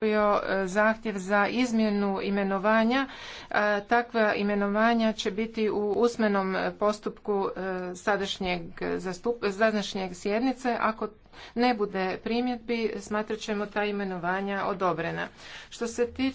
bio e, zahtjev za izmjenu imenovanja. E, takva imenovanja će biti u usmenom postupku e, sadašnjeg, sjednice. Ako ne bude primjedbi, smatrat ćemo ta imenovanja odobrena. Što se tiče